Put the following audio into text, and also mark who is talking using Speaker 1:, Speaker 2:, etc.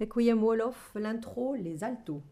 Speaker 1: Requiem Wolof, l'intro, les altos.